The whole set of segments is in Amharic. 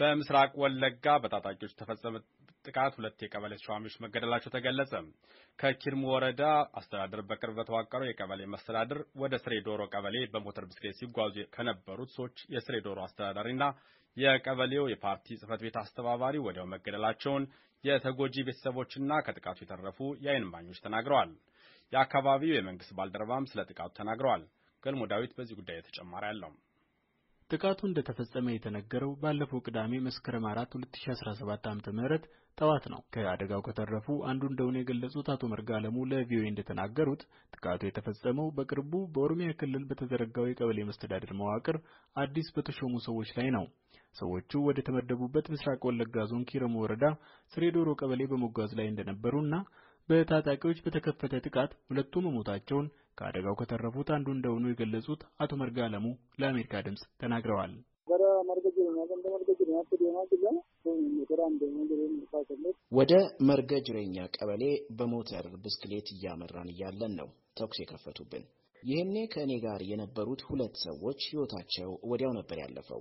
በምስራቅ ወለጋ በታጣቂዎች ተፈጸመ ጥቃት ሁለት የቀበሌ ተሿሚዎች መገደላቸው ተገለጸ። ከኪርሙ ወረዳ አስተዳደር በቅርብ በተዋቀረው የቀበሌ መስተዳድር ወደ ስሬ ዶሮ ቀበሌ በሞተር ብስክሌት ሲጓዙ ከነበሩት ሰዎች የስሬ ዶሮ አስተዳዳሪና የቀበሌው የፓርቲ ጽህፈት ቤት አስተባባሪ ወዲያው መገደላቸውን የተጎጂ ቤተሰቦችና ከጥቃቱ የተረፉ የአይን ማኞች ተናግረዋል። የአካባቢው የመንግስት ባልደረባም ስለ ጥቃቱ ተናግረዋል። ገልሞ ዳዊት በዚህ ጉዳይ ተጨማሪ አለው። ጥቃቱ እንደ ተፈጸመ የተነገረው ባለፈው ቅዳሜ መስከረም ሰባት ዓመተ ዓ.ም ጠዋት ነው። ከአደጋው ከተረፉ አንዱ እንደሆነ የገለጹት አቶ መርጋ ለሙ ለቪኦኤ እንደተናገሩት ጥቃቱ የተፈጸመው በቅርቡ በኦሮሚያ ክልል በተዘረጋው የቀበሌ መስተዳድር መዋቅር አዲስ በተሾሙ ሰዎች ላይ ነው። ሰዎቹ ወደ ተመደቡበት ምስራቅ ወለጋ ዞን ኪረሙ ወረዳ ስሬዶሮ ቀበሌ በመጓዝ ላይ እንደነበሩና በታጣቂዎች በተከፈተ ጥቃት ሁለቱ መሞታቸውን ከአደጋው ከተረፉት አንዱ እንደሆኑ የገለጹት አቶ መርጋ አለሙ ለአሜሪካ ድምፅ ተናግረዋል። ወደ መርገ ጅሬኛ ቀበሌ በሞተር ብስክሌት እያመራን እያለን ነው ተኩስ የከፈቱብን። ይህኔ ከእኔ ጋር የነበሩት ሁለት ሰዎች ሕይወታቸው ወዲያው ነበር ያለፈው።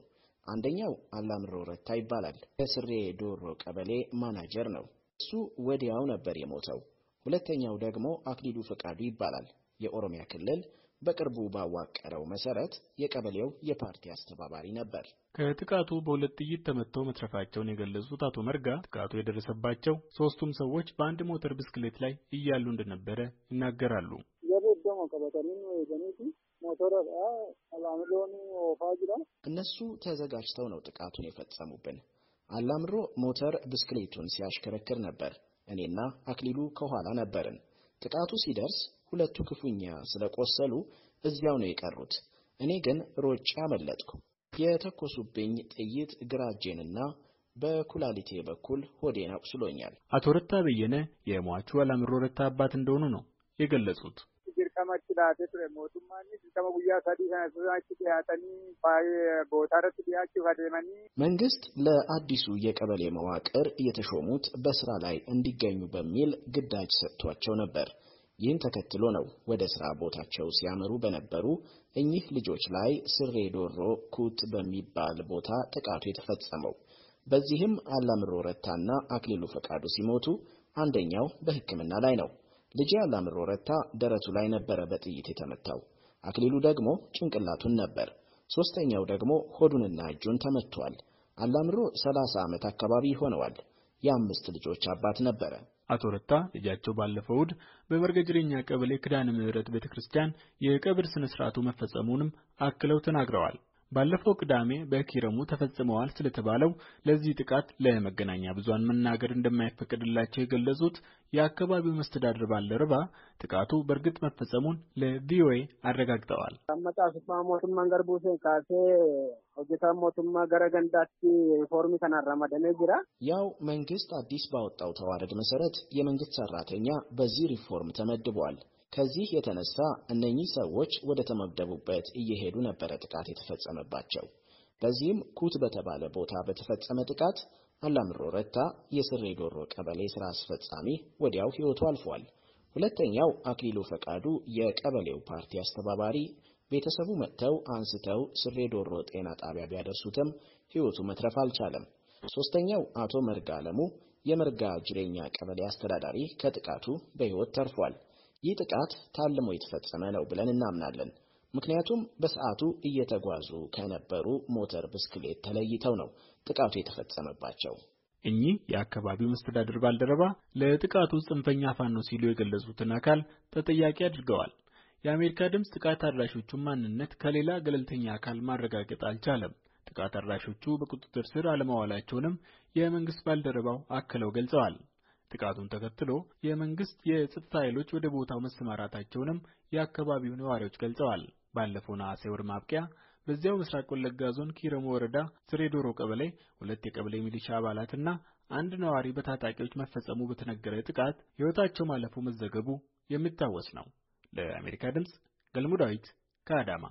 አንደኛው አላምሮ ረታ ይባላል። ከስሬ ዶሮ ቀበሌ ማናጀር ነው። እሱ ወዲያው ነበር የሞተው። ሁለተኛው ደግሞ አክሊሉ ፈቃዱ ይባላል። የኦሮሚያ ክልል በቅርቡ ባዋቀረው መሰረት የቀበሌው የፓርቲ አስተባባሪ ነበር። ከጥቃቱ በሁለት ጥይት ተመተው መትረፋቸውን የገለጹት አቶ መርጋ ጥቃቱ የደረሰባቸው ሶስቱም ሰዎች በአንድ ሞተር ብስክሌት ላይ እያሉ እንደነበረ ይናገራሉ። እነሱ ተዘጋጅተው ነው ጥቃቱን የፈጸሙብን። አላምሮ ሞተር ብስክሌቱን ሲያሽከረክር ነበር። እኔና አክሊሉ ከኋላ ነበርን። ቅጣቱ ሲደርስ ሁለቱ ክፉኛ ስለቆሰሉ እዚያው ነው የቀሩት። እኔ ግን ሮጬ አመለጥኩ። የተኮሱብኝ ጥይት ግራ እጄንና በኩላሊቴ በኩል ሆዴን አቁስሎኛል። አቶ ረታ በየነ የሟቹ አላምሮ ረታ አባት እንደሆኑ ነው የገለጹት። dirqamatti laatee mootummaanis dirqama guyyaa sadii kana sirnaachi dhiyaatanii baay'ee bootaarratti dhiyaachuuf adeemanii መንግስት ለአዲሱ የቀበሌ መዋቅር የተሾሙት በስራ ላይ እንዲገኙ በሚል ግዳጅ ሰጥቷቸው ነበር። ይህን ተከትሎ ነው ወደ ስራ ቦታቸው ሲያመሩ በነበሩ እኚህ ልጆች ላይ ስሬ ዶሮ ኩት በሚባል ቦታ ጥቃቱ የተፈጸመው። በዚህም አላምሮ ረታና አክሊሉ ፈቃዱ ሲሞቱ አንደኛው በሕክምና ላይ ነው። ልጄ አላምሮ ረታ ደረቱ ላይ ነበረ በጥይት የተመታው። አክሊሉ ደግሞ ጭንቅላቱን ነበር። ሶስተኛው ደግሞ ሆዱንና እጁን ተመቷል። አላምሮ ሰላሳ ዓመት አካባቢ ሆነዋል። የአምስት ልጆች አባት ነበረ። አቶ ረታ ልጃቸው ባለፈው እሑድ በበርገጅሬኛ ቀበሌ ክዳነ ምሕረት ቤተክርስቲያን የቀብር ስነስርዓቱ ስርዓቱ መፈጸሙንም አክለው ተናግረዋል። ባለፈው ቅዳሜ በኪረሙ ተፈጽመዋል ስለተባለው ለዚህ ጥቃት ለመገናኛ ብዙሃን መናገር እንደማይፈቀድላቸው የገለጹት የአካባቢው መስተዳድር ባልደረባ ጥቃቱ በእርግጥ መፈጸሙን ለቪኦኤ አረጋግጠዋል። ያው መንግስት አዲስ ባወጣው ተዋረድ መሰረት የመንግስት ሰራተኛ በዚህ ሪፎርም ተመድቧል። ከዚህ የተነሳ እነኚህ ሰዎች ወደ ተመደቡበት እየሄዱ ነበረ ጥቃት የተፈጸመባቸው። በዚህም ኩት በተባለ ቦታ በተፈጸመ ጥቃት አላምሮ ረታ የስሬ ዶሮ ቀበሌ ስራ አስፈጻሚ ወዲያው ሕይወቱ አልፏል። ሁለተኛው አክሊሉ ፈቃዱ የቀበሌው ፓርቲ አስተባባሪ ቤተሰቡ መጥተው አንስተው ስሬ ዶሮ ጤና ጣቢያ ቢያደርሱትም ሕይወቱ መትረፍ አልቻለም። ሦስተኛው አቶ መርጋ አለሙ የመርጋ ጅሬኛ ቀበሌ አስተዳዳሪ ከጥቃቱ በሕይወት ተርፏል። ይህ ጥቃት ታልሞ የተፈጸመ ነው ብለን እናምናለን። ምክንያቱም በሰዓቱ እየተጓዙ ከነበሩ ሞተር ብስክሌት ተለይተው ነው ጥቃቱ የተፈጸመባቸው። እኚህ የአካባቢው መስተዳድር ባልደረባ ለጥቃቱ ጽንፈኛ ፋኖ ሲሉ የገለጹትን አካል ተጠያቂ አድርገዋል። የአሜሪካ ድምፅ ጥቃት አድራሾቹን ማንነት ከሌላ ገለልተኛ አካል ማረጋገጥ አልቻለም። ጥቃት አድራሾቹ በቁጥጥር ስር አለማዋላቸውንም የመንግስት ባልደረባው አክለው ገልጸዋል። ጥቃቱን ተከትሎ የመንግስት የጸጥታ ኃይሎች ወደ ቦታው መሰማራታቸውንም የአካባቢው ነዋሪዎች ገልጸዋል። ባለፈው ነሐሴ ወር ማብቂያ በዚያው ምስራቅ ወለጋ ዞን ኪረሙ ወረዳ ስሬዶሮ ቀበሌ ሁለት የቀበሌ ሚሊሻ አባላትና አንድ ነዋሪ በታጣቂዎች መፈጸሙ በተነገረ ጥቃት ሕይወታቸው ማለፉ መዘገቡ የሚታወስ ነው። ለአሜሪካ ድምፅ ገልሙ ዳዊት ከአዳማ